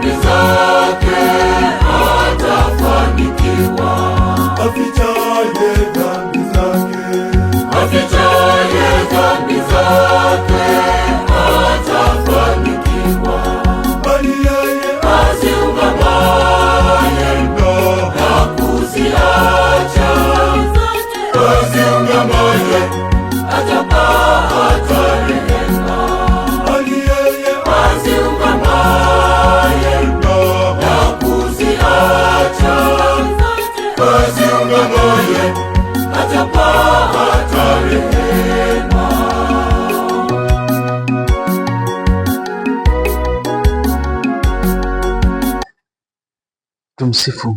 His Tumsifu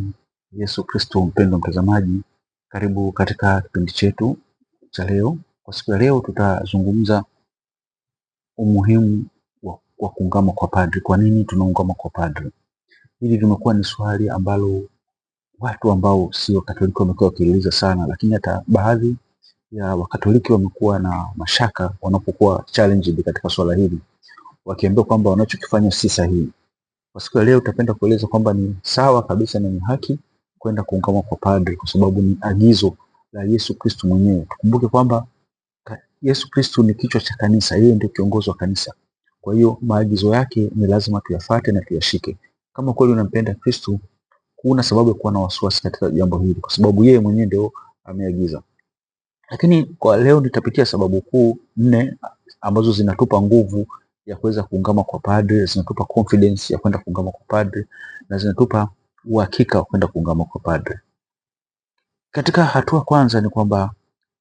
Yesu Kristo. Mpendo mtazamaji, karibu katika kipindi chetu cha leo. Kwa siku ya leo, tutazungumza umuhimu wa, wa kuungama kwa padri. Kwa nini tunaungama kwa padri? Hili limekuwa ni swali ambalo watu ambao si Katoliki wamekuwa wakiuliza sana, lakini hata baadhi ya Wakatoliki wamekuwa na mashaka wanapokuwa challenged katika swala hili, wakiambiwa kwamba wanachokifanya si sahihi. Kwa siku ya leo utapenda kueleza kwamba ni sawa kabisa na ni haki kwenda kuungama kwa padri, kwa sababu ni agizo la Yesu Kristu mwenyewe. Tukumbuke kwamba Yesu Kristu ni kichwa cha kanisa, yeye ndio kiongozi wa kanisa. Kwa hiyo maagizo yake ni lazima tuyafate na tuyashike. Kama kweli unampenda Kristu, huna sababu ya kuwa na wasiwasi katika jambo hili, kwa sababu yeye mwenyewe ndio ameagiza. Lakini kwa leo nitapitia sababu kuu nne ambazo zinatupa nguvu ya kuweza kuungama kwa padre, zinatupa confidence ya kwenda kuungama kwa padre na zinatupa uhakika wa kwenda kuungama kwa padre. Katika hatua kwanza ni kwamba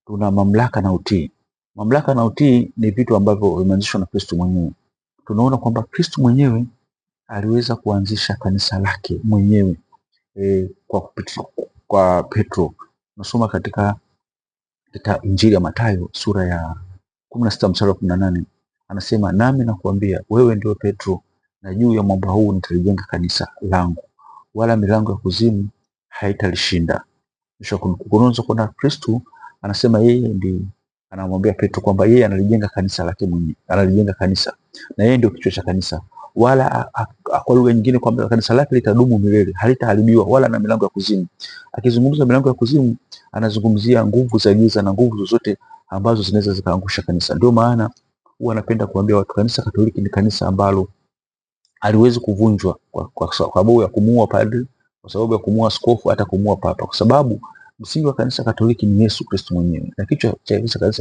tuna mamlaka na utii. Mamlaka na utii ni vitu ambavyo vimeanzishwa na Kristo mwenyewe. Tunaona kwamba Kristo mwenyewe aliweza kuanzisha kanisa lake mwenyewe e, kwa kwa Petro. Nasoma katika Injili ya Mathayo sura ya kumi na sita mstari wa kumi na nane anasema, nami nakuambia wewe ndio Petro, na juu ya mwamba huu nitalijenga kanisa langu, wala milango ya kuzimu haitalishinda. Kisha kununza kuna Kristo anasema yeye ndiye anamwambia Petro kwamba yeye analijenga kanisa lake mwenyewe, analijenga kanisa na yeye ndio kichwa cha kanisa wala kwa lugha nyingine kwamba kanisa lake litadumu milele, halitaharibiwa wala na milango ya kuzimu. Akizungumza milango ya kuzimu, anazungumzia nguvu za giza na nguvu zozote ambazo zinaweza zikaangusha kanisa. Ndio maana huwa anapenda kuambia watu kanisa Katoliki ni kanisa ambalo aliwezi kuvunjwa kwa sababu ya kumuua padri, kwa sababu ya kumuua askofu, hata kumuua papa, kwa sababu Msingi wa kanisa Katoliki ni Yesu Kristo mwenyewe, na kichwa cha kanisa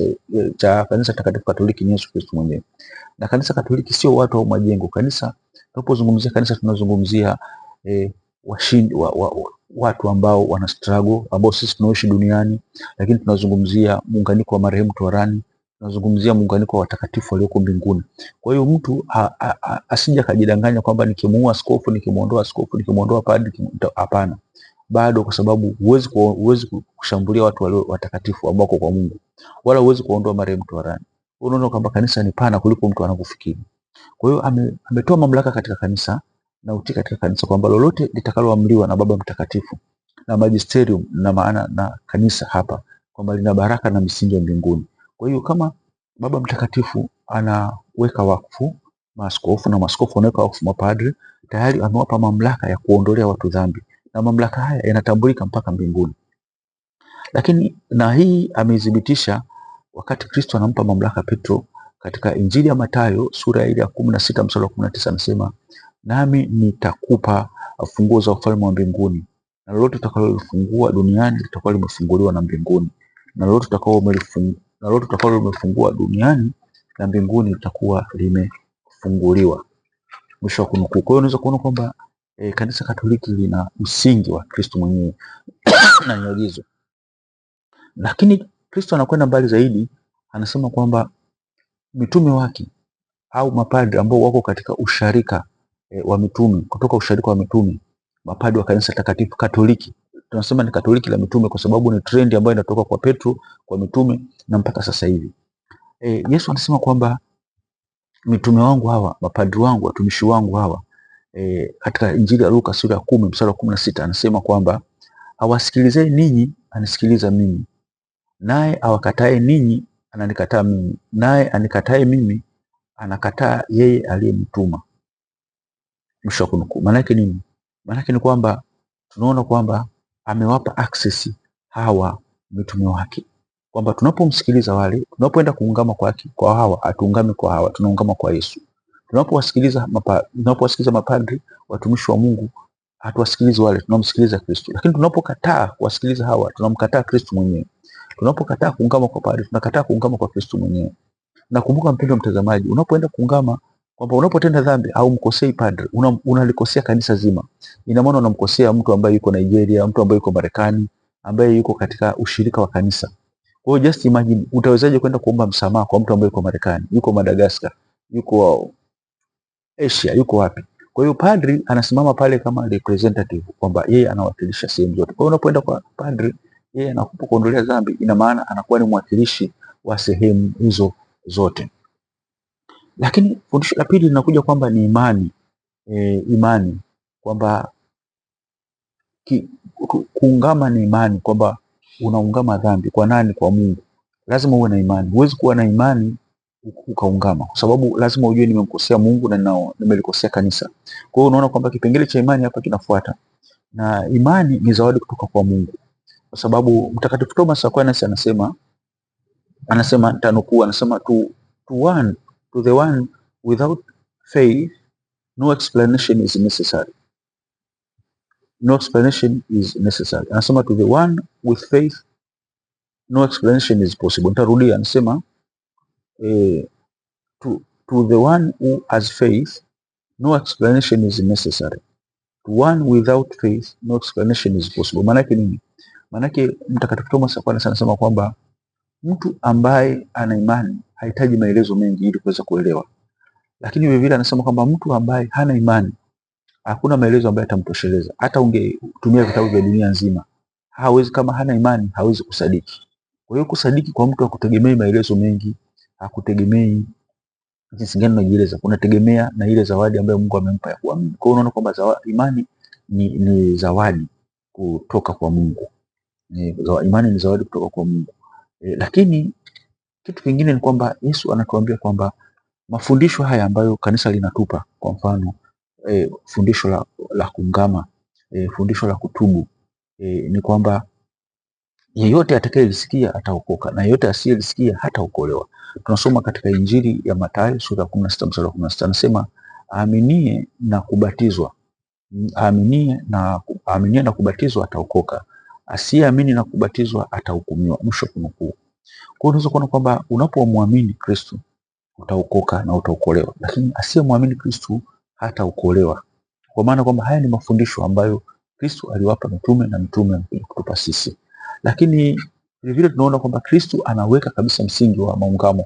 cha kanisa takatifu Katoliki ni Yesu Kristo mwenyewe. Na kanisa Katoliki sio watu au majengo. Kanisa, tunapozungumzia kanisa tunazungumzia e, washindi wa, wa, wa, watu ambao wana struggle ambao sisi tunaoishi duniani, lakini tunazungumzia muunganiko wa marehemu twarani tunazungumzia muunganiko wa watakatifu walioko mbinguni. Kwa hiyo mtu asija kajidanganya kwamba nikimuua askofu, nikimuondoa askofu, nikimuondoa padri, hapana bado, kwa sababu huwezi huwezi kushambulia watu walio watakatifu ambao kwa Mungu, wala huwezi kuondoa marehemu toharani. Unaona kwamba kanisa ni pana kuliko mtu anavyofikiri. Kwa hiyo ame, ametoa mamlaka katika kanisa na utii katika kanisa kwamba lolote litakaloamriwa na Baba Mtakatifu na magisterium na maana na kanisa hapa kwamba lina baraka na misingi ya mbinguni. Kwa hiyo kama Baba Mtakatifu anaweka wakfu maaskofu na maaskofu wanaweka wakfu mapadri, tayari amewapa mamlaka ya kuondolea watu dhambi na mamlaka haya yanatambulika mpaka mbinguni. Lakini na hii ameithibitisha wakati Kristo anampa mamlaka Petro katika Injili ya Mathayo sura ile ya kumi na sita mstari wa kumi na tisa anasema, nami nitakupa funguo za ufalme wa mbinguni, na lolote utakalolifungua duniani litakuwa limefunguliwa na mbinguni, na lolote utakalo limefungua duniani na mbinguni litakuwa limefunguliwa. Mwisho wa kunukuu. Kwa hiyo unaweza kuona kwamba e, kanisa Katoliki lina msingi wa Kristo mwenyewe na nyagizo, lakini Kristo anakwenda mbali zaidi, anasema kwamba mitume wake au mapadri ambao wako katika usharika e, wa mitume, kutoka usharika wa mitume, mapadri wa kanisa takatifu Katoliki tunasema ni Katoliki la mitume kwa sababu ni trendi ambayo inatoka kwa Petro kwa mitume na mpaka sasa hivi. E, Yesu anasema kwamba mitume wangu hawa, mapadri wangu, watumishi wangu hawa e, katika Injili ya Luka sura ya kumi mstari wa kumi na sita anasema kwamba awasikilizeni ninyi anisikiliza mimi, naye awakatae ninyi ananikataa mimi, naye anikatae mimi anakataa yeye aliyemtuma. Mwisho wa kunukuu. yake nini? Maana yake ni kwamba tunaona kwamba amewapa access hawa mitume wake, kwamba tunapomsikiliza wale, tunapoenda kuungama kwake, kwa hawa, atuungame kwa hawa, tunaungama kwa Yesu. Tunapowasikiliza mapa, tunapowasikiliza mapadri, watumishi wa Mungu, hatuwasikilizi wale, tunamsikiliza Kristo. Lakini tunapokataa kuwasikiliza hawa, tunamkataa Kristo mwenyewe. Tunapokataa kuungama kwa padri, tunakataa kuungama kwa Kristo mwenyewe. Nakumbuka kumbuka, mpendwa mtazamaji, unapoenda kuungama kwamba unapotenda dhambi au mkosei padri unalikosea una kanisa zima. Ina maana unamkosea mtu ambaye yuko Nigeria, mtu ambaye yuko Marekani, ambaye yuko katika ushirika wa kanisa. Kwa hiyo just imagine, utawezaje kwenda kuomba msamaha kwa mtu ambaye yuko Marekani, yuko Madagascar, yuko Asia yuko wapi? Kwa hiyo padri anasimama pale kama representative kwamba yeye anawakilisha sehemu zote. Kwa hiyo unapoenda kwa padri, yeye anakupa kuondolea dhambi, ina maana anakuwa ni mwakilishi wa sehemu hizo zote. Lakini fundisho la pili linakuja kwamba ni imani e, imani kwamba kuungama ni imani kwamba unaungama dhambi kwa nani? Kwa Mungu. Lazima uwe na imani. Huwezi kuwa na imani ukaungama, kwa sababu lazima ujue nimemkosea Mungu na nimelikosea kanisa. Kwa hiyo unaona kwamba kipengele cha imani hapa kinafuata, na imani ni zawadi kutoka kwa Mungu, kwa sababu Mtakatifu Thomas Aquinas anasema anasema tanukuu, anasema to, to one to the one without faith no explanation is necessary, no explanation is necessary. Anasema to the one with faith no explanation is possible. Nitarudia, anasema uh, to, to the one who has faith, no explanation is necessary. To one without faith, no explanation is possible. Maanake nini? Maanake Mtakatifu Thomas Aquinas anasema kwamba mtu ambaye ana imani hahitaji maelezo mengi ili kuweza kuelewa, lakini vilevile anasema kwamba mtu ambaye hana imani hakuna maelezo ambayo yatamtosheleza. Hata ungetumia vitabu vya dunia nzima, hawezi. Kama hana imani, hawezi kusadiki. Kwa hiyo kusadiki kwa mtu hakutegemei maelezo mengi hakutegemei jinsi gani unajieleza, unategemea na ile zawadi ambayo Mungu amempa ya kuamini. Kwa hiyo unaona kwamba imani ni, ni zawadi kutoka kwa Mungu E, imani ni zawadi kutoka kwa Mungu e, lakini kitu kingine ni kwamba Yesu anatuambia kwamba mafundisho haya ambayo kanisa linatupa kwa mfano e, fundisho la, la kungama e, fundisho la kutubu e, ni kwamba yeyote atakayelisikia ataokoka na yeyote asiyelisikia hataokolewa. Tunasoma katika Injili ya Mathayo sura ya 16 mstari wa sita anasema aaminie na kubatizwa aaminie na, aaminie na kubatizwa ataokoka, asiyeamini na kubatizwa atahukumiwa. Mwisho kunukuu. Kwa hiyo unaweza kuona kwamba unapomwamini Kristu utaokoka na utaokolewa, lakini asiyemwamini Kristu hataokolewa, kwa maana kwamba haya ni mafundisho ambayo Kristu aliwapa mitume na mitume amekuja kutupa sisi. Lakini vilevile tunaona kwamba Kristo anaweka kabisa msingi wa maungamo.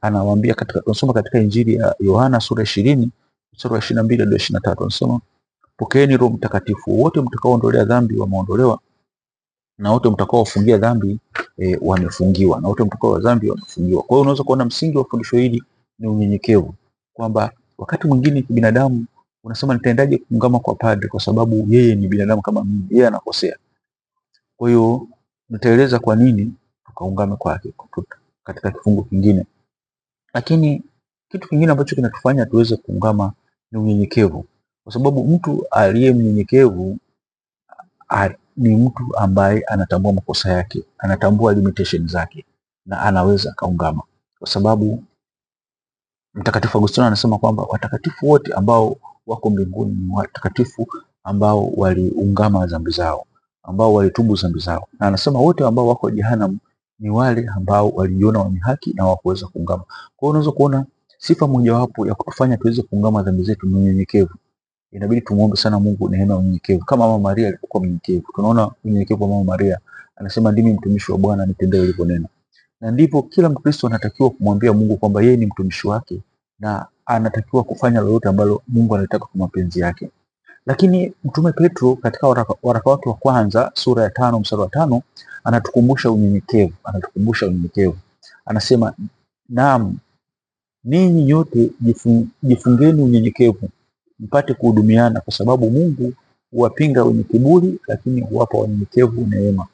Anawaambia katika tunasoma katika Injili ya Yohana sura ishirini mstari wa ishirini na mbili hadi ishirini na tatu anasema pokeeni Roho Mtakatifu, wote mtakaoondolea dhambi wameondolewa, na wote mtakaofungia dhambi e, wamefungiwa, na wote mtakao wa dhambi wamefungiwa. Kwa hiyo unaweza kuona msingi wa fundisho hili ni unyenyekevu, kwamba wakati mwingine kibinadamu unasema nitaendaje kuungama kwa padri, kwa sababu yeye ni binadamu kama mimi, yeye anakosea. Kwa hiyo tutaeleza kwa nini tukaungame kwake katika kifungu kingine. Lakini kitu kingine ambacho kinatufanya tuweze kuungama ni unyenyekevu, kwa sababu mtu aliye mnyenyekevu ni mtu ambaye anatambua makosa yake, anatambua limitation zake na anaweza kaungama, kwa sababu Mtakatifu Agustino anasema kwamba watakatifu wote ambao wako mbinguni ni watakatifu ambao waliungama dhambi zao ambao walitubu dhambi zao, na anasema wote ambao wako jehanam ni wale ambao walijiona wenye haki na hawakuweza kuungama. Kwa hiyo unaweza kuona sifa mojawapo ya kutufanya tuweze kuungama dhambi zetu ni unyenyekevu. Inabidi tumuombe sana Mungu neema ya unyenyekevu, kama Mama Maria alikuwa mnyenyekevu. Tunaona unyenyekevu wa Mama Maria, anasema ndimi mtumishi wa Bwana, nitendee ulivyonena. Na ndipo kila Mkristo anatakiwa kumwambia Mungu kwamba yeye ni mtumishi wake na anatakiwa kufanya lolote ambalo Mungu anataka kwa mapenzi yake. Lakini Mtume Petro katika waraka, wake wa kwanza sura ya tano mstari wa tano anatukumbusha unyenyekevu, anatukumbusha unyenyekevu, anasema naam, ninyi nyote jifungeni unyenyekevu mpate kuhudumiana, kwa sababu Mungu huwapinga wenye kiburi, lakini huwapa wanyenyekevu neema.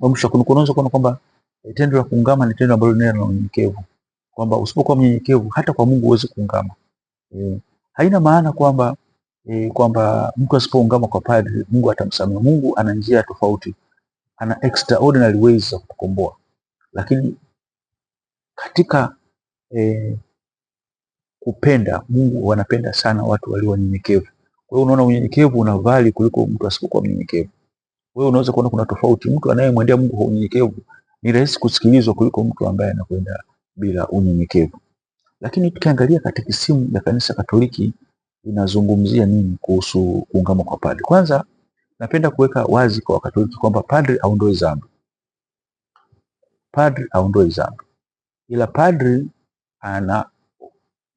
Mwisho kunukunoza kuona kwamba eh, tendo la kuungama ni tendo ambalo na unyenyekevu, kwamba usipokuwa mnyenyekevu hata kwa Mungu huwezi kuungama. E, haina maana kwamba e, kwamba mtu asipoungama kwa padri Mungu atamsamehe. Mungu ana njia tofauti, ana extraordinary ways za kukomboa. lakini katika e, kupenda Mungu wanapenda sana watu walio wanyenyekevu. Kwa hiyo unaona unyenyekevu una vali kuliko mtu asipokuwa mnyenyekevu. Wewe unaweza kuona kuna tofauti. Mtu anayemwendea Mungu kwa unyenyekevu ni rahisi kusikilizwa kuliko mtu ambaye anakwenda bila unyenyekevu. Lakini tukiangalia katika simu ya kanisa Katoliki inazungumzia nini kuhusu kuungama kwa padri. Kwanza napenda kuweka wazi kwa Wakatoliki kwamba padri aondoe dhambi, padri aondoe dhambi, ila padri ana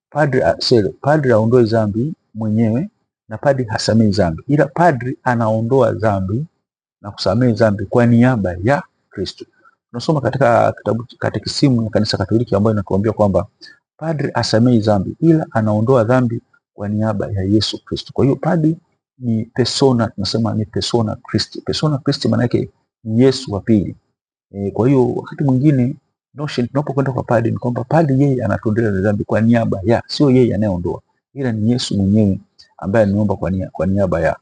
padri ah, sele, padri aondoe dhambi mwenyewe na padri hasamei dhambi, ila padri anaondoa dhambi na kusamehe dhambi kwa niaba ya Kristo. Tunasoma katika kitabu katekisimu ya Kanisa Katoliki ambayo inatuambia kwamba padri asamei dhambi, ila anaondoa dhambi kwa niaba ya Yesu Kristo. Kwa hiyo padri ni persona, tunasema ni persona Christi. Persona Christi maana yake ni Yesu wa pili. E, kwa hiyo wakati mwingine notion tunapokwenda kwa padri ni kwamba padri yeye anatondea dhambi kwa niaba ya, sio yeye anayeondoa, ila ni Yesu mwenyewe ambaye ameomba kwa, niaba kwa niaba ya.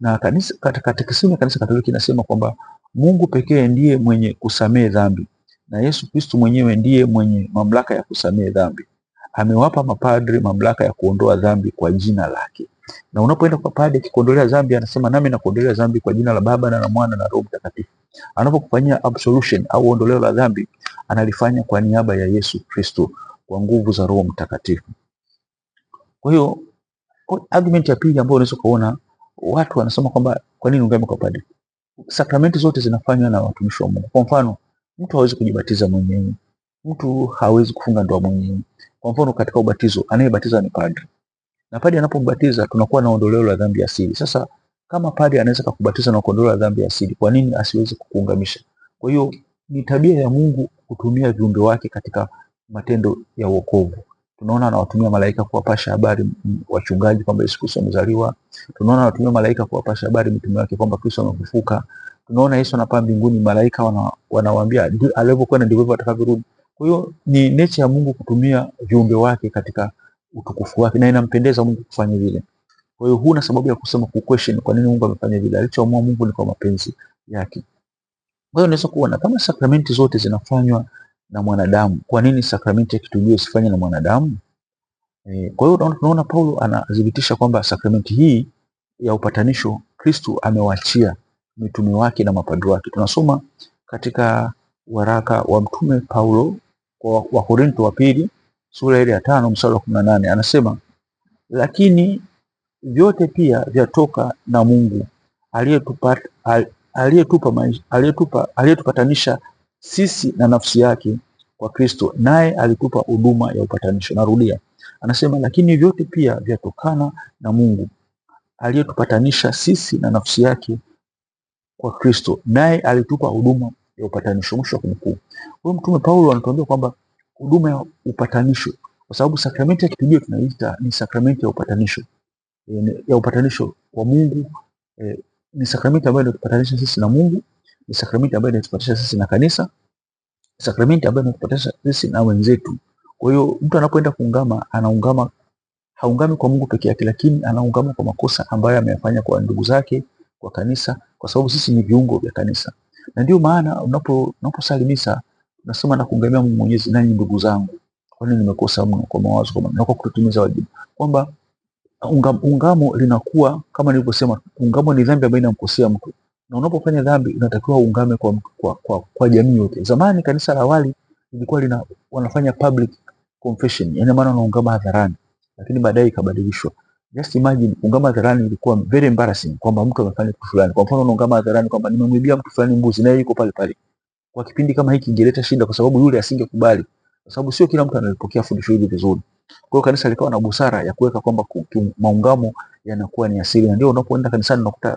Na kanisa katika katekisimu ya kanisa Katoliki inasema kwamba Mungu pekee ndiye mwenye kusamehe dhambi na Yesu Kristo mwenyewe ndiye mwenye mamlaka ya kusamehe dhambi amewapa mapadri mamlaka ya kuondoa dhambi kwa jina lake. Na unapoenda kwa padri akikuondolea dhambi, anasema nami nakuondolea dhambi kwa jina la Baba na la Mwana na Roho Mtakatifu. Anapokufanyia absolution au ondoleo la dhambi, analifanya kwa niaba ya Yesu Kristo kwa nguvu za Roho Mtakatifu. Kwa hiyo argument ya pili ambayo unaweza kuona watu wanasema kwamba kwa nini ungeme kwa padri? Sakramenti zote zinafanywa na watumishi wa Mungu. Kwa mfano, mtu hawezi kujibatiza mwenyewe, mtu hawezi kufunga ndoa mwenyewe, kwa mfano katika ubatizo anayebatiza ni padri, na padri anapombatiza tunakuwa na ondoleo la dhambi asili. Sasa kama padri anaweza kukubatiza na kuondolewa dhambi asili, kwa nini asiweze kukuungamisha? Kwa hiyo ni tabia ya Mungu kutumia viumbe wake katika matendo ya wokovu. Tunaona anawatumia malaika kuwapasha habari wachungaji kwamba Yesu Kristo amezaliwa. Tunaona anatumia malaika kuwapasha habari mitume wake kwamba Kristo amefufuka. Tunaona Yesu anapaa mbinguni, malaika wanawaambia alivyokwenda ndivyo atakavyorudi. Kwa hiyo ni nature ya Mungu kutumia viumbe wake katika utukufu wake na inampendeza Mungu kufanya vile. Kwa hiyo huna sababu ya kusema ku question kwa nini Mungu amefanya vile. Alichoamua Mungu ni kwa mapenzi yake. Kwa hiyo unaweza kuona kama sakramenti zote zinafanywa na mwanadamu, kwa nini sakramenti ya kitubio isifanywe na mwanadamu? E, kwa hiyo tunaona Paulo anadhibitisha kwamba sakramenti hii ya upatanisho Kristu amewaachia mitume wake na mapadri wake. Tunasoma katika waraka wa Mtume Paulo kwa Wakorinto wa pili sura ile ya tano mstari wa kumi na nane anasema, lakini vyote pia vyatoka na Mungu aliyetupatanisha sisi na nafsi yake kwa Kristo, naye alitupa huduma ya upatanisho. Narudia, anasema lakini vyote pia vyatokana na Mungu aliyetupatanisha sisi na nafsi yake kwa Kristo, naye alitupa huduma ya upatanisho. Mwisho wa Kwa huyo Mtume Paulo anatuambia kwamba huduma ya upatanisho, kwa sababu sakramenti ya kitubio tunaita ni sakramenti ya upatanisho e, ya upatanisho kwa Mungu e, ni sakramenti ambayo inatupatanisha sisi na Mungu, ni sakramenti ambayo inatupatanisha sisi na kanisa, sakramenti ambayo inatupatanisha sisi na wenzetu. Kwa hiyo mtu anapoenda kuungama, anaungama haungami kwa Mungu peke yake, lakini anaungama kwa makosa ambayo ameyafanya kwa ndugu zake, kwa kanisa, kwa sababu sisi ni viungo vya kanisa. Na ndio maana unapo unaposali unasema na kumgamia Mungu Mwenyezi, nanyi ndugu zangu, kwani nimekosa mno kwa mawazo, kwa na kwa kutimiza wajibu kwamba unga, ungamo linakuwa kama nilivyosema, ungamo ni dhambi ambayo inamkosea mtu, na unapofanya dhambi unatakiwa ungame kwa, kwa, kwa, kwa jamii yote. Zamani kanisa la awali lilikuwa lina wanafanya public confession, yani maana wanaungama hadharani, lakini baadaye ikabadilishwa. Just imagine kungama hadharani ilikuwa very embarrassing kwamba mtu amefanya kitu fulani. Kwa mfano unaungama hadharani kwamba nimemwibia mtu fulani mbuzi na yuko pale pale. Kwa kipindi kama hiki ingeleta shida kwa sababu yule asingekubali. Kwa sababu sio kila mtu analipokea fundisho hili vizuri. Kwa hiyo kanisa likawa na busara ya kuweka kwamba maungamo yanakuwa ni asili. Na ndio unapoenda kanisani unakuta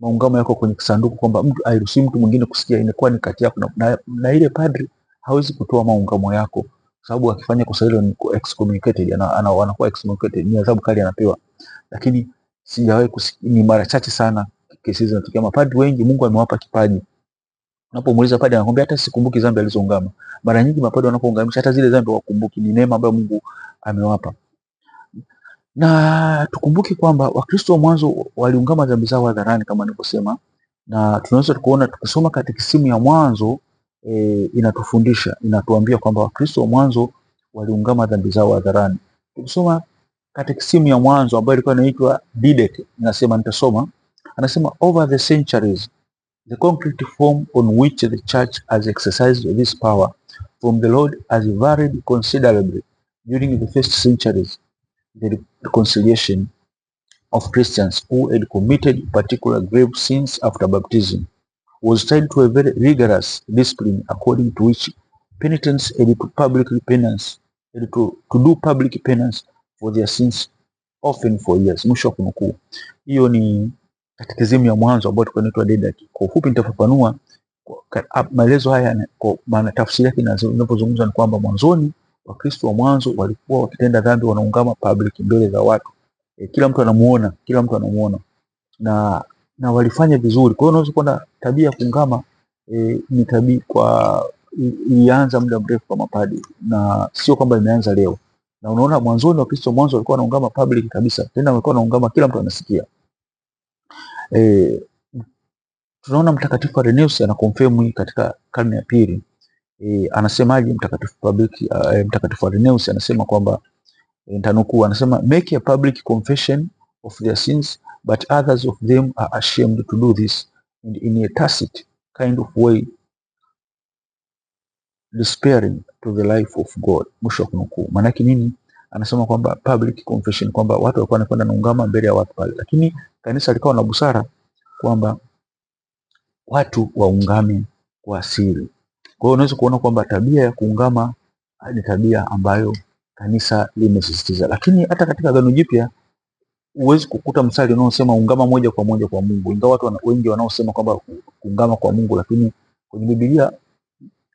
maungamo yako kwenye kisanduku kwamba mtu airuhusi mtu mwingine kusikia, inakuwa ni kati yako na, na, na ile padri hawezi kutoa maungamo yako sababu akifanya kosa hilo ni excommunicated, ana, ana, anakuwa excommunicated, ni adhabu kali anapewa. Lakini sijawahi kusikia, ni mara chache sana kesi hizi zinatokea. Mapadri wengi Mungu amewapa kipaji, unapomuuliza padri anakuambia hata sikumbuki dhambi alizoungama. Mara nyingi mapadri wanapoungamisha hata zile dhambi wakumbuki, ni neema ambayo Mungu amewapa. Na tukumbuke kwamba Wakristo wa mwanzo waliungama dhambi zao hadharani kama nilivyosema, na tunaweza tukaona tukisoma katika simu ya mwanzo e, inatufundisha inatuambia kwamba Wakristo wa mwanzo waliungama dhambi zao hadharani. Tukisoma katekisimu ya mwanzo ambayo ilikuwa inaitwa Didet, inasema nitasoma, anasema over the centuries the concrete form on which the church has exercised this power from the Lord has varied considerably during the first centuries the reconciliation of Christians who had committed particular grave sins after baptism was tied to a very rigorous discipline according to which penitents had to public penance, had to, to do public penance for their sins often for years. Mwisho wa kunukuu. Hiyo ni katekisimu ya mwanzo ambayo tulikuwa tunaitwa Didache. Kwa ufupi nitafafanua maelezo haya kwa maana tafsiri yake inavyozungumza ni kwamba mwanzoni Wakristo wa mwanzo walikuwa wakitenda dhambi, wanaungama public mbele za watu. E, kila mtu anamuona, kila mtu anamuona na na walifanya vizuri. Kwa hiyo unaweza kuona tabia ya kungama e, ni tabia kwa ilianza muda mrefu kwa mapadi na sio kwamba imeanza leo. Na unaona mwanzoni Wakristo mwanzo walikuwa wanaungama public kabisa, tena walikuwa wanaungama kila mtu anasikia. E, tunaona Mtakatifu Irenaeus ana confirm katika karne ya pili e, anasemaje Mtakatifu public e, Mtakatifu Irenaeus anasema kwamba e, nitanukuu, anasema make a public confession of their sins but others of them are ashamed to do this and in a tacit kind of way despairing to the life of God. Mwisho wa kunukuu. Maanake nini? Anasema kwamba public confession, kwamba watu walikuwa wanakwenda na mbele ya watu pale, lakini kanisa likawa na busara kwamba watu waungame kwa asili. Kwa hiyo unaweza kuona kwamba tabia ya kuungama ni tabia ambayo kanisa limesisitiza, lakini hata katika Agano Jipya huwezi kukuta msali unaosema ungama moja kwa moja kwa Mungu, ingawa watu wengi wanaosema kwamba kuungama kwa Mungu, lakini kwenye Biblia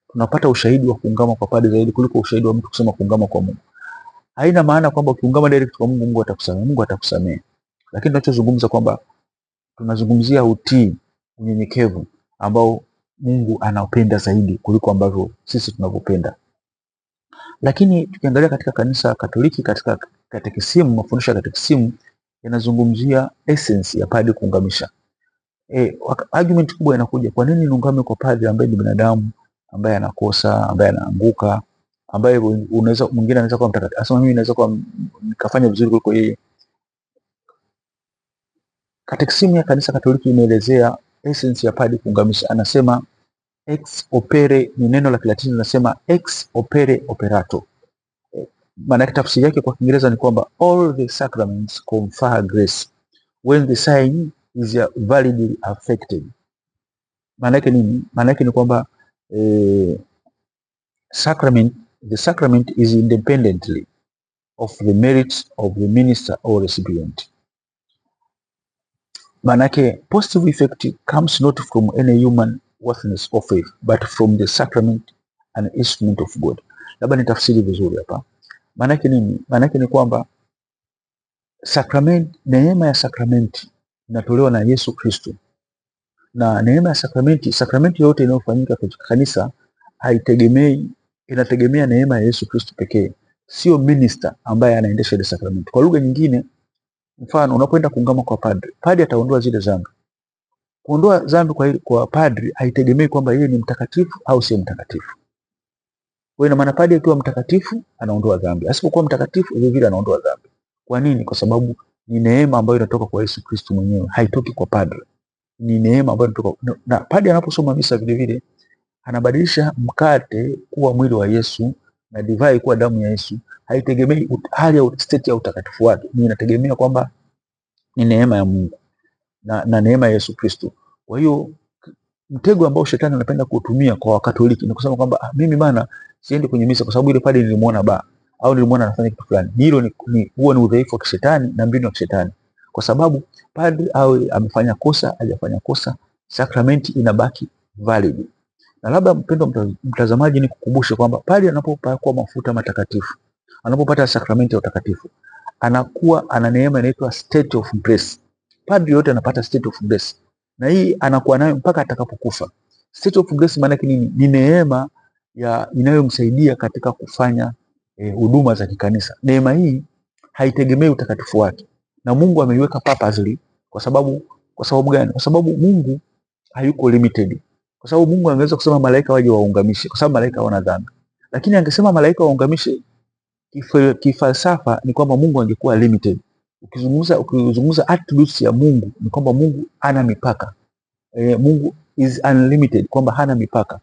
tunapata ushahidi wa kuungama kwa pade zaidi kuliko ushahidi wa mtu kusema kuungama kwa Mungu. Haina maana kwamba ukiungama direct kwa Mungu Mungu atakusamehe, Mungu atakusamehe, lakini tunachozungumza kwamba tunazungumzia utii, unyenyekevu ambao Mungu anapenda zaidi kuliko ambavyo sisi tunavyopenda. Lakini tukiangalia katika kanisa Katoliki, katika katekisimu, mafundisho ya katekisimu yanazungumzia essence ya padri kuungamisha. E, argument kubwa inakuja, kwa nini niungame kwa padri ambaye ni binadamu, ambaye anakosa, ambaye anaanguka, ambaye unaweza mwingine anaweza kuwa mtakatifu, asema mimi naweza kuwa nikafanya vizuri kuliko yeye. Katekisimu ya Kanisa Katoliki imeelezea essence ya padri kuungamisha, anasema ex opere ni neno la Kilatini, linasema ex opere operato maana yake tafsiri yake kwa Kiingereza ni kwamba all the sacraments confer grace when the sign is validly affected. Maana yake nini? Maana yake ni kwamba eh, sacrament the sacrament is independently of the merits of the minister or recipient. Maana yake positive effect comes not from any human worthiness or faith but from the sacrament an instrument of God. Labda nitafsiri vizuri hapa Maanake nini? Maanake ni kwamba sakramenti, neema ya sakramenti inatolewa na Yesu Kristo, na neema ya sakramenti, sakramenti yoyote inayofanyika katika kanisa haitegemei, inategemea neema ya Yesu Kristo pekee, sio minister ambaye anaendesha ile sakramenti. Kwa lugha nyingine, mfano unapoenda kuungama kwa padri, padri ataondoa zile zambi Kuondoa zambi kwa, kwa padri haitegemei kwamba yeye ni mtakatifu au sio mtakatifu. Kwa hiyo maana padri akiwa mtakatifu anaondoa dhambi, asipokuwa mtakatifu vile vile anaondoa dhambi. Kwa nini? Kwa sababu ni neema ambayo inatoka kwa Yesu Kristo mwenyewe, haitoki kwa padri. Ni neema ambayo inatoka na padri anaposoma misa vile vile anabadilisha mkate kuwa mwili wa Yesu na divai kuwa damu ya Yesu. Haitegemei hali ya state ya utakatifu wake, ni inategemea kwamba ni neema ya Mungu na, na neema ya Yesu Kristo. Kwa hiyo mtego ambao shetani anapenda kuutumia kwa Wakatoliki ni kusema kwamba ah, mimi bana siendi kwenye misa kwa sababu ile pale nilimuona ba au nilimuona anafanya kitu fulani. Hilo ni, ni huo ni udhaifu wa kishetani na mbinu ya kishetani, kwa sababu padri awe amefanya kosa hajafanya kosa, sakramenti inabaki valid. Na labda mpendwa mtazamaji, ni kukumbushe kwamba padri anapopakwa mafuta matakatifu, anapopata sakramenti ya utakatifu, anakuwa ana neema inaitwa state of grace. Padri yote anapata state of grace na hii anakuwa nayo mpaka atakapokufa. State of grace maana yake nini? Ni neema ya inayomsaidia katika kufanya eh, huduma eh, za kikanisa. Neema hii haitegemei utakatifu wake, na Mungu ameiweka purposely. Kwa sababu kwa sababu gani? Kwa sababu Mungu hayuko limited, kwa sababu Mungu angeweza kusema malaika waje waungamishe, kwa sababu malaika wana dhambi, lakini angesema malaika waungamishe, kifalsafa ni kwamba Mungu angekuwa limited. Ukizungumza ukizungumza attributes ya Mungu ni kwamba Mungu hana mipaka e, Mungu is unlimited, kwamba hana mipaka,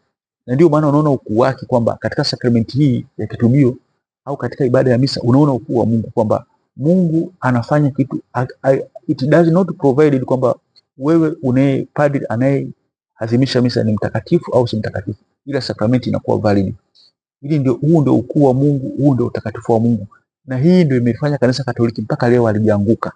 na ndio maana unaona ukuu wake kwamba katika sakramenti hii ya kitubio au katika ibada ya misa unaona ukuu wa Mungu kwamba Mungu anafanya kitu it does not provided kwamba wewe unaye padri anayeazimisha misa ni mtakatifu au si mtakatifu, ila sakramenti inakuwa valid. Hili ndio, huu ndio ukuu wa Mungu, huu ndio utakatifu wa Mungu na hii ndio imefanya kanisa Katoliki mpaka leo alijaanguka.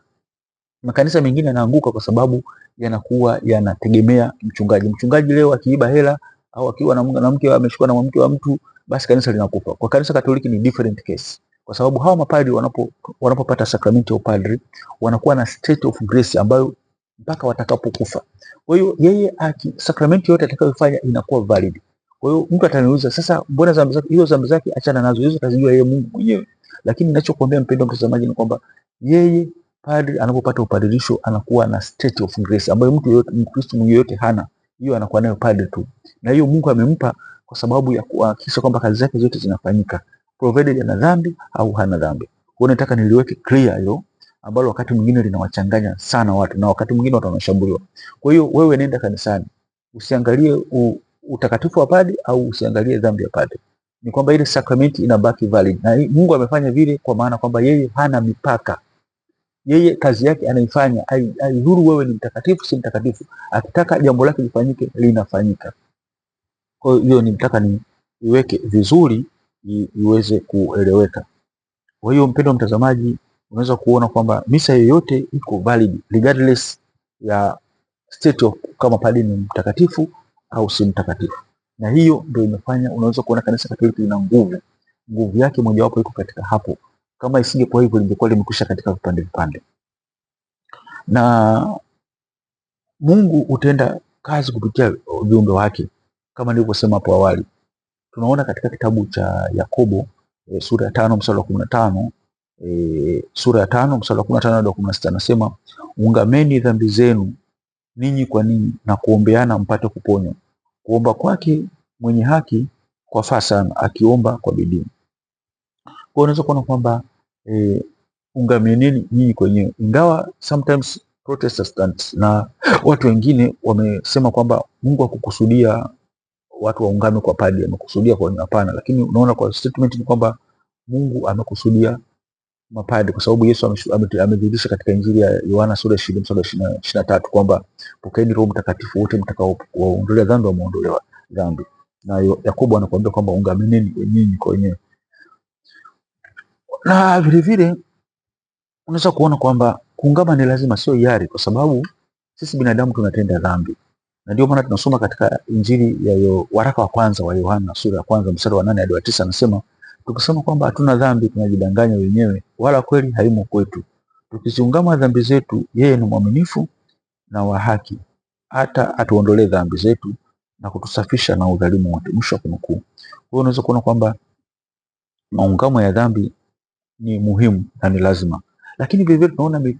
Makanisa mengine yanaanguka kwa sababu yanakuwa yanategemea mchungaji. Mchungaji leo akiiba hela au akiwa na mke ameshikwa na mke wa mtu, basi kanisa linakufa. Kwa kanisa Katoliki ni different case, kwa sababu hawa mapadri wanapo wanapopata sakramenti ya upadri wanakuwa na state of grace ambayo mpaka watakapokufa. Kwa hiyo yeye aki sakramenti yote atakayofanya inakuwa valid. Kwa hiyo mtu ataniuliza sasa, mbona zambi zake hizo, zambi zake achana nazo hizo, atazijua yeye Mungu mwenyewe. Lakini ninachokuambia mpendwa mtazamaji ni kwamba yeye padri anapopata upadirisho anakuwa na state of grace ambayo mtu yote Mkristo yote hana. Hiyo anakuwa nayo padri tu, na hiyo Mungu amempa kwa sababu ya kuhakikisha kwamba kazi zake zote zinafanyika provided ana dhambi au hana dhambi. Kwa nataka niliweke clear hilo ambalo wakati mwingine linawachanganya sana watu na wakati mwingine watu wanashambuliwa. Kwa hiyo wewe nenda kanisani, usiangalie utakatifu wa padri au usiangalie dhambi ya padri ni kwamba ile sakramenti inabaki valid, na Mungu amefanya vile kwa maana kwamba yeye hana mipaka. Yeye kazi yake anaifanya, aidhuru wewe ni mtakatifu si mtakatifu. Akitaka jambo lake lifanyike linafanyika. Kwa hiyo nimtaka ni iweke vizuri iweze kueleweka. Kwa hiyo mpendo wa mtazamaji, unaweza kuona kwamba misa yoyote iko valid regardless ya state of kama padri ni mtakatifu au si mtakatifu na hiyo ndio imefanya unaweza kuona kanisa Katoliki lina nguvu. Nguvu yake mojawapo iko katika hapo. Kama isingekuwa hivyo, lingekuwa limekwisha katika vipande vipande, na Mungu utenda kazi kupitia viumbe wake, kama nilivyosema hapo awali. Tunaona katika kitabu cha Yakobo e, sura ya tano mstari wa kumi na tano e, sura ya tano mstari wa kumi na tano hadi kumi na sita anasema ungameni dhambi zenu ninyi kwa ninyi na kuombeana mpate kuponywa Kuomba kwake mwenye haki kwafaa sana, akiomba kwa bidii. Kwa unaweza kuona kwamba e, eh, ungamieneni nyinyi kwenyewe, ingawa sometimes Protestants na watu wengine wamesema kwamba Mungu akukusudia watu waungame kwa padri, amekusudia kwa hapana, lakini unaona kwa statement ni kwamba Mungu amekusudia mapadri kwa sababu Yesu amedhihirisha katika Injili ya Yohana sura ya 20 mstari wa 23 kwamba pokeeni Roho Mtakatifu, wote mtakaoondolea dhambi wameondolewa dhambi, na Yakobo anakuambia kwamba ungamenini nyinyi kwa wenyewe. Na vile vile unaweza kuona kwamba kuungama ni lazima, sio hiari, kwa sababu sisi binadamu tunatenda dhambi, na ndio maana tunasoma katika Injili ya yo, waraka wa kwanza wa Yohana sura ya kwanza mstari wa 8 hadi wa 9 anasema Tukisema kwamba hatuna dhambi tunajidanganya wenyewe, wala kweli haimo kwetu. Tukiziungama dhambi zetu, yeye ni mwaminifu na wa haki hata atuondolee dhambi zetu na kutusafisha na udhalimu wote. Mwisho wa kunukuu. Kwa hiyo unaweza kuona kwamba maungamo ya dhambi ni muhimu na ni lazima, lakini vile tunaona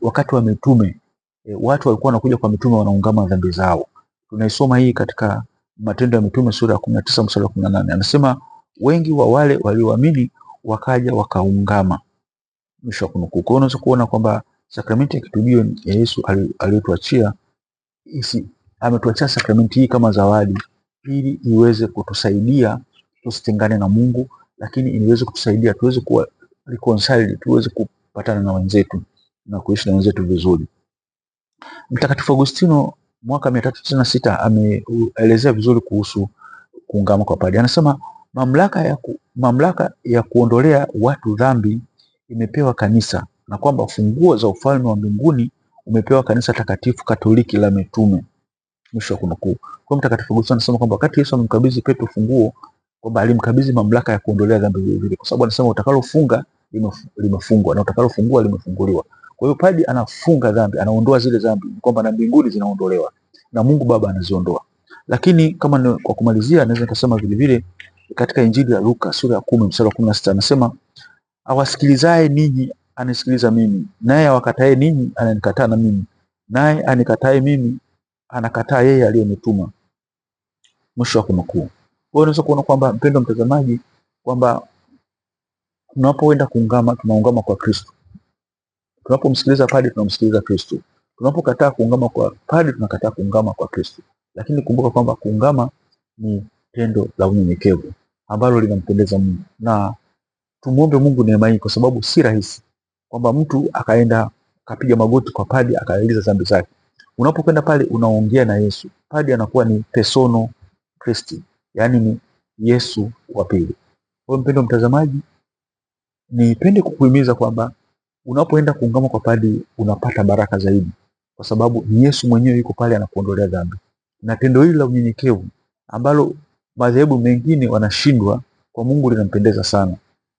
wakati wa mitume e, watu walikuwa wanakuja kwa mitume wanaungama dhambi zao. Tunaisoma hii katika Matendo ya Mitume sura ya kumi na tisa mstari wa kumi na nane anasema wengi wa wale walioamini wakaja wakaungama. Mwisho wa kunukuu. Kwa unaweza kuona kwamba sakramenti ya kitubio ya Yesu aliyotuachia isi, ametuachia sakramenti hii kama zawadi, ili iweze kutusaidia tusitengane na Mungu, lakini iweze kutusaidia tuweze kuwa reconciled, tuweze kupatana na wenzetu na kuishi na wenzetu vizuri. Mtakatifu Agustino mwaka mia tatu tisini na sita ameelezea vizuri kuhusu kuungama kwa padri, anasema Mamlaka ya, ku, mamlaka ya kuondolea watu dhambi imepewa kanisa na kwamba funguo za ufalme wa mbinguni umepewa kanisa takatifu Katoliki la mitume. Mwisho wa kunukuu. Kwa Mtakatifu Agustino anasema kwamba wakati Yesu amemkabidhi Petro funguo, kwamba alimkabidhi mamlaka ya kuondolea dhambi vile vile, kwa sababu anasema utakalofunga limefungwa na utakalofungua limefunguliwa. Kwa hiyo padi anafunga dhambi, anaondoa zile dhambi, kwamba na mbinguni zinaondolewa na Mungu Baba anaziondoa. Lakini kama kwa kumalizia, naweza nikasema vile vile katika Injili ya Luka sura ya kumi mstari wa kumi na sita anasema awasikilizaye ninyi anisikiliza mimi, naye awakatae ninyi ananikataa na mimi, naye anikatae mimi anakataa yeye aliyenituma. Mwisho wa kunukuu. Kwa hiyo unaweza kuona kwamba, mpendo mtazamaji, kwamba tunapoenda kuungama tunaungama kwa Kristo. Tunapomsikiliza padri tunamsikiliza Kristo. Tunapokataa kuungama kwa padri tunakataa kuungama kwa Kristo. Lakini kumbuka kwamba kuungama ni tendo la unyenyekevu ambalo linampendeza Mungu. Na tumuombe Mungu neema hii, kwa sababu si rahisi kwamba mtu akaenda kapiga magoti kwa padi akaeleza dhambi zake. Unapokwenda pale unaongea na Yesu, padi anakuwa ni personal Christi, yaani ni Yesu wa pili. Kwa hiyo mpendo mtazamaji, nipende kukuhimiza kwamba unapoenda kuungama kwa padi unapata baraka zaidi, kwa sababu ni Yesu mwenyewe yuko pale anakuondolea dhambi, na tendo hili la unyenyekevu ambalo madhehebu mengine wanashindwa, kwa Mungu linampendeza sana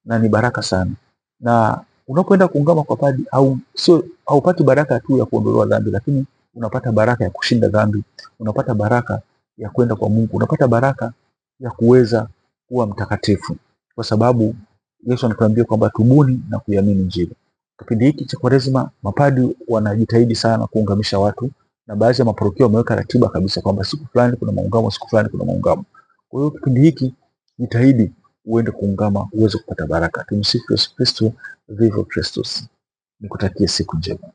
na ni baraka sana, na unapoenda kuungama kwa padi au sio, haupati baraka tu ya kuondolewa dhambi, lakini unapata baraka ya kushinda dhambi, unapata baraka ya kwenda kwa Mungu, unapata baraka ya kuweza kuwa mtakatifu, kwa sababu Yesu anatuambia kwamba tubuni na kuiamini Injili. Kipindi hiki cha Kwaresima, mapadi wanajitahidi sana kuungamisha watu, na baadhi ya maparokia wameweka ratiba kabisa kwamba siku fulani kuna maungamo, siku fulani kuna maungamo. Kwa hiyo kipindi hiki jitahidi uende kuungama uweze kupata baraka. Tumsifu Yesu Kristo. vivo Kristus. Nikutakie siku njema.